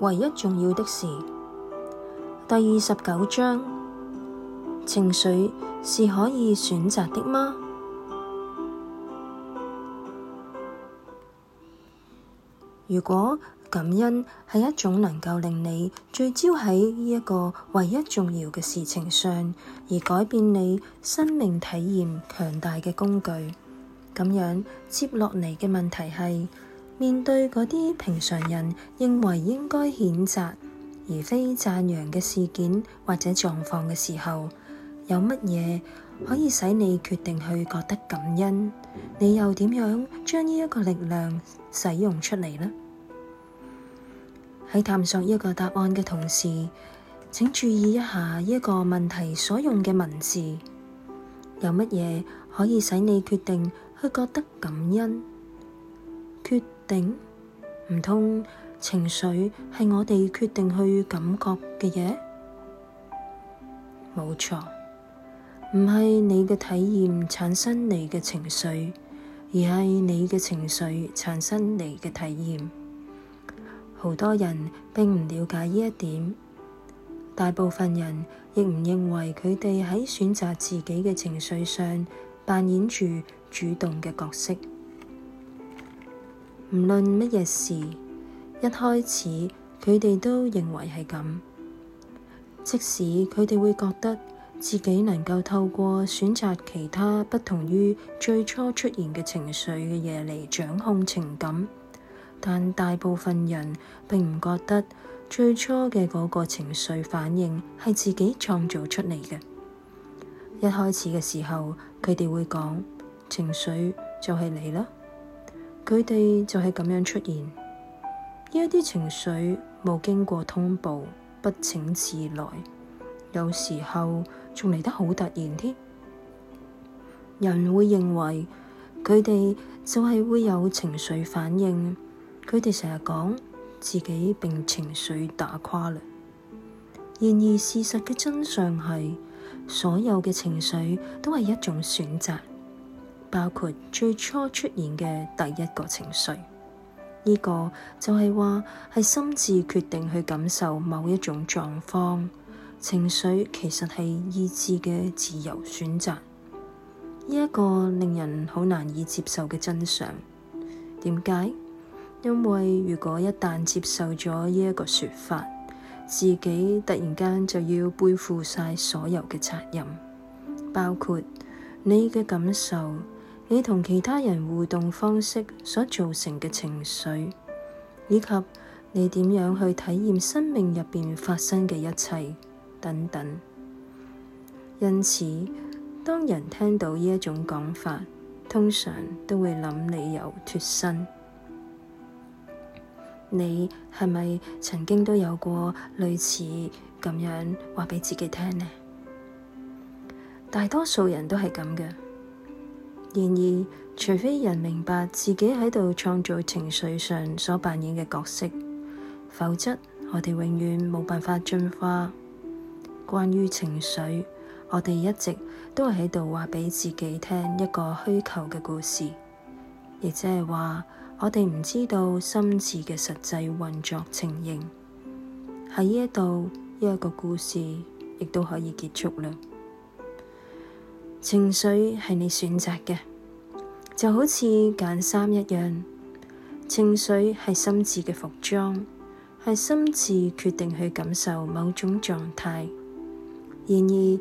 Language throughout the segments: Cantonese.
唯一重要的事，第二十九章，情緒是可以選擇的嗎？如果感恩係一種能夠令你聚焦喺呢一個唯一重要嘅事情上，而改變你生命體驗強大嘅工具，咁樣接落嚟嘅問題係？面對嗰啲平常人認為應該譴責而非讚揚嘅事件或者狀況嘅時候，有乜嘢可以使你決定去覺得感恩？你又點樣將呢一個力量使用出嚟呢？喺探索呢一個答案嘅同時，請注意一下呢一個問題所用嘅文字，有乜嘢可以使你決定去覺得感恩？定唔通情緒係我哋決定去感覺嘅嘢？冇錯，唔係你嘅體驗產生你嘅情緒，而係你嘅情緒產生你嘅體驗。好多人並唔了解呢一點，大部分人亦唔認為佢哋喺選擇自己嘅情緒上扮演住主動嘅角色。唔論乜嘢事，一開始佢哋都認為係咁。即使佢哋會覺得自己能夠透過選擇其他不同於最初出現嘅情緒嘅嘢嚟掌控情感，但大部分人並唔覺得最初嘅嗰個情緒反應係自己創造出嚟嘅。一開始嘅時候，佢哋會講，情緒就係你囉。佢哋就係咁樣出現，呢一啲情緒冇經過通報，不請自來，有時候仲嚟得好突然添。人會認為佢哋就係會有情緒反應，佢哋成日講自己被情緒打垮啦。然而事實嘅真相係，所有嘅情緒都係一種選擇。包括最初出現嘅第一個情緒，呢個就係話係心智決定去感受某一種狀況。情緒其實係意志嘅自由選擇，呢一個令人好難以接受嘅真相。點解？因為如果一旦接受咗呢一個說法，自己突然間就要背負晒所有嘅責任，包括你嘅感受。你同其他人互動方式所造成嘅情緒，以及你點樣去體驗生命入邊發生嘅一切等等，因此當人聽到呢一種講法，通常都會諗理由脱身。你係咪曾經都有過類似咁樣話畀自己聽呢？大多數人都係咁嘅。然而，除非人明白自己喺度創造情緒上所扮演嘅角色，否則我哋永遠冇辦法進化。關於情緒，我哋一直都係喺度話俾自己聽一個虛構嘅故事，亦即係話我哋唔知道心智嘅實際運作情形。喺呢一度，呢一個故事亦都可以結束啦。情緒係你選擇嘅，就好似揀衫一樣。情緒係心智嘅服裝，係心智決定去感受某種狀態。然而，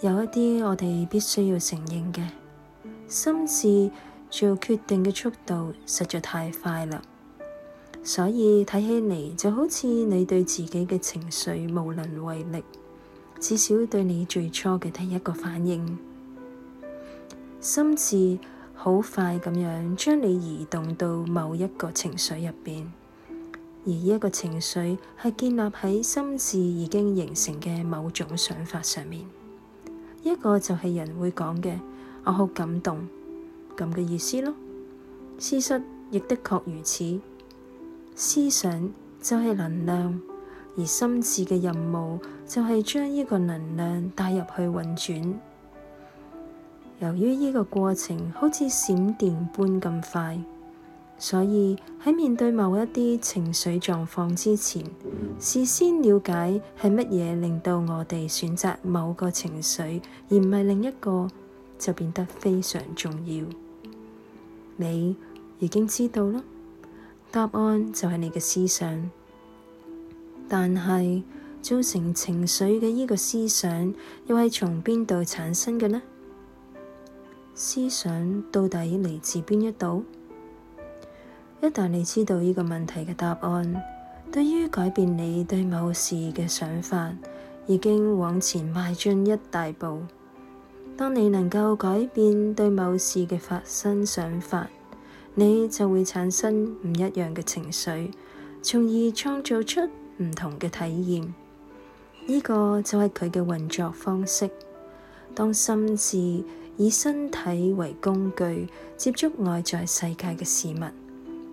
有一啲我哋必須要承認嘅，心智做決定嘅速度實在太快啦，所以睇起嚟就好似你對自己嘅情緒無能為力。至少對你最初嘅第一個反應，心智好快咁樣將你移動到某一個情緒入邊，而呢一個情緒係建立喺心智已經形成嘅某種想法上面。一個就係人會講嘅，我好感動咁嘅意思咯。事實亦的確如此，思想就係能量。而心智嘅任務就係將呢個能量帶入去運轉。由於呢個過程好似閃電般咁快，所以喺面對某一啲情緒狀況之前，事先了解係乜嘢令到我哋選擇某個情緒而唔係另一個，就變得非常重要。你已經知道啦，答案就係你嘅思想。但係造成情緒嘅呢個思想，又係從邊度產生嘅呢？思想到底嚟自邊一度？一旦你知道呢個問題嘅答案，對於改變你對某事嘅想法，已經往前邁進一大步。當你能夠改變對某事嘅發生想法，你就會產生唔一樣嘅情緒，從而創造出。唔同嘅體驗，呢個就係佢嘅運作方式。當心智以身體為工具接觸外在世界嘅事物，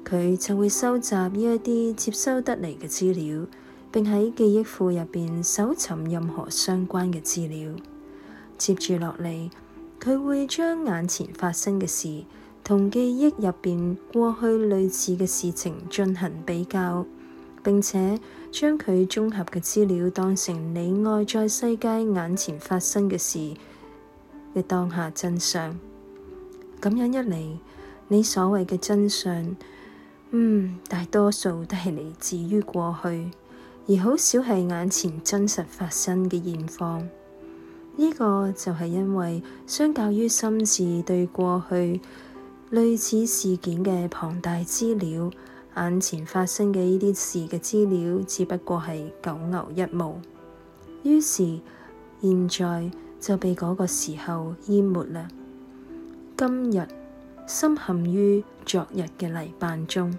佢就會收集呢一啲接收得嚟嘅資料，並喺記憶庫入邊搜尋任何相關嘅資料。接住落嚟，佢會將眼前發生嘅事同記憶入邊過去類似嘅事情進行比較，並且。將佢綜合嘅資料當成你外在世界眼前發生嘅事嘅當下真相，咁樣一嚟，你所謂嘅真相，嗯，大多數都係嚟自於過去，而好少係眼前真實發生嘅現況。呢個就係因為相較於心智對過去類似事件嘅龐大資料。眼前發生嘅呢啲事嘅資料，只不過係九牛一毛，於是現在就被嗰個時候淹沒啦。今日深陷於昨日嘅泥辦中，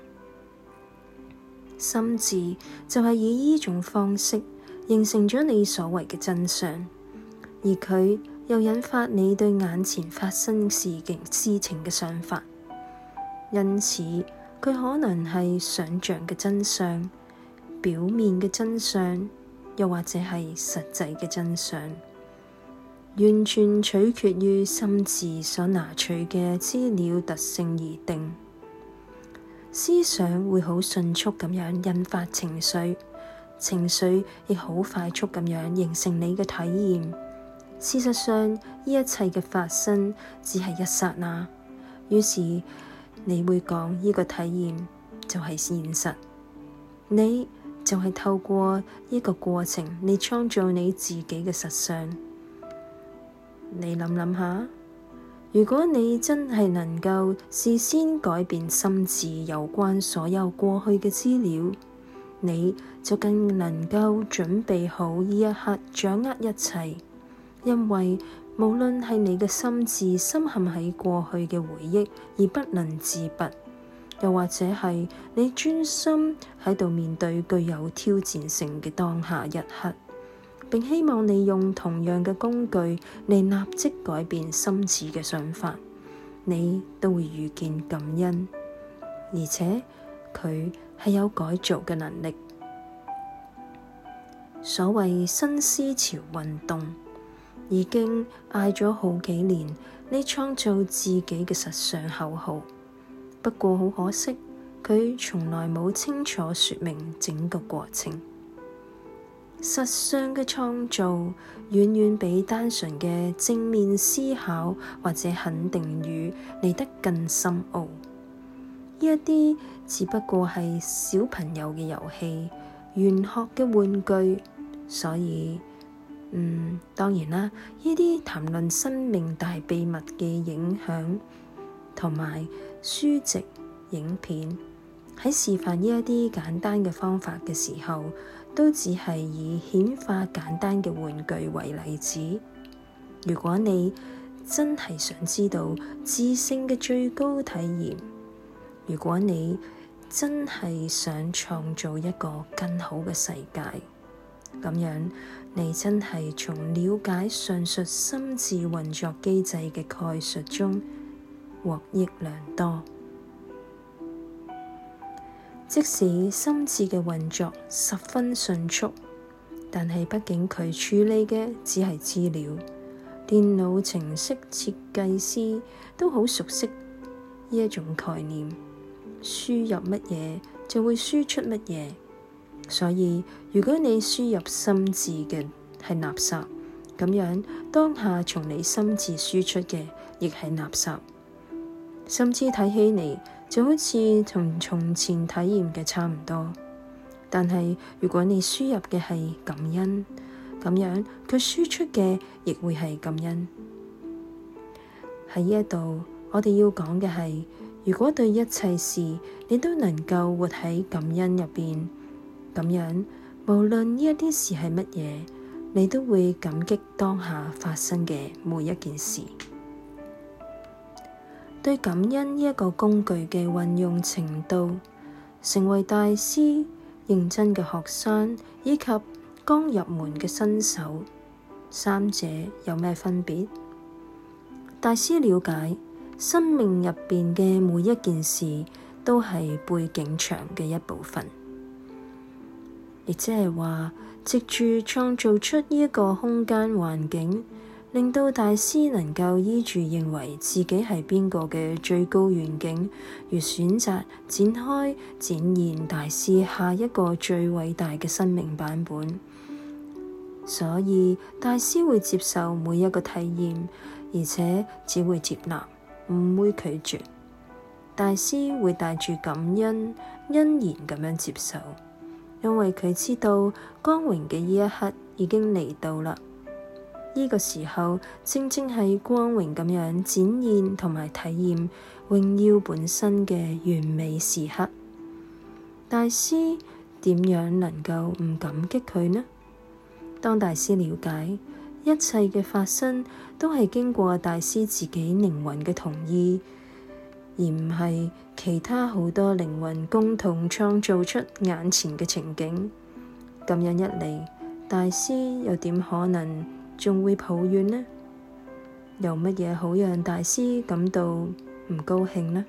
心智就係以呢種方式形成咗你所謂嘅真相，而佢又引發你對眼前發生事件事情嘅想法，因此。佢可能係想象嘅真相、表面嘅真相，又或者係實際嘅真相，完全取決於心智所拿取嘅資料特性而定。思想會好迅速咁樣引發情緒，情緒亦好快速咁樣形成你嘅體驗。事實上，呢一切嘅發生只係一刹那，於是。你會講，呢個體驗就係現實，你就係透過呢個過程，你創造你自己嘅實相。你諗諗下，如果你真係能夠事先改變心智，有關所有過去嘅資料，你就更能夠準備好呢一刻，掌握一切，因為。無論係你嘅心智深陷喺過去嘅回憶而不能自拔，又或者係你專心喺度面對具有挑戰性嘅當下一刻，並希望你用同樣嘅工具嚟立即改變心智嘅想法，你都會遇見感恩，而且佢係有改造嘅能力。所謂新思潮運動。已經嗌咗好幾年你創造自己嘅實相口號，不過好可惜，佢從來冇清楚說明整個過程。實相嘅創造遠遠比單純嘅正面思考或者肯定語嚟得更深奧。呢一啲只不過係小朋友嘅遊戲、玄學嘅玩具，所以。嗯，當然啦，呢啲談論生命大秘密嘅影響同埋書籍、影片喺示範呢一啲簡單嘅方法嘅時候，都只係以顯化簡單嘅玩具為例子。如果你真係想知道智性嘅最高體驗，如果你真係想創造一個更好嘅世界。咁樣，你真係從了解上述心智運作機制嘅概述中獲益良多。即使心智嘅運作十分迅速，但係畢竟佢處理嘅只係資料。電腦程式設計師都好熟悉呢一種概念：輸入乜嘢就會輸出乜嘢。所以，如果你輸入心智嘅係垃圾咁樣，當下從你心智輸出嘅亦係垃圾，甚至睇起嚟就好似同從前體驗嘅差唔多。但係，如果你輸入嘅係感恩咁樣，佢輸出嘅亦會係感恩。喺呢一度，我哋要講嘅係，如果對一切事你都能夠活喺感恩入邊。咁樣，無論呢一啲事係乜嘢，你都會感激當下發生嘅每一件事。對感恩呢一個工具嘅運用程度，成為大師、認真嘅學生以及剛入門嘅新手，三者有咩分別？大師了解生命入邊嘅每一件事都係背景牆嘅一部分。亦即係話，藉住創造出呢一個空間環境，令到大師能夠依住認為自己係邊個嘅最高願景，而選擇展開展現大師下一個最偉大嘅生命版本。所以，大師會接受每一個體驗，而且只會接納，唔會拒絕。大師會帶住感恩，欣然咁樣接受。因為佢知道光榮嘅呢一刻已經嚟到啦，呢個時候正正係光榮咁樣展現同埋體驗榮耀本身嘅完美時刻。大師點樣能夠唔感激佢呢？當大師了解一切嘅發生都係經過大師自己靈魂嘅同意，而唔係其他，好多靈魂共同創造出眼前嘅情景，咁樣一嚟，大師又點可能仲會抱怨呢？有乜嘢好讓大師感到唔高興呢？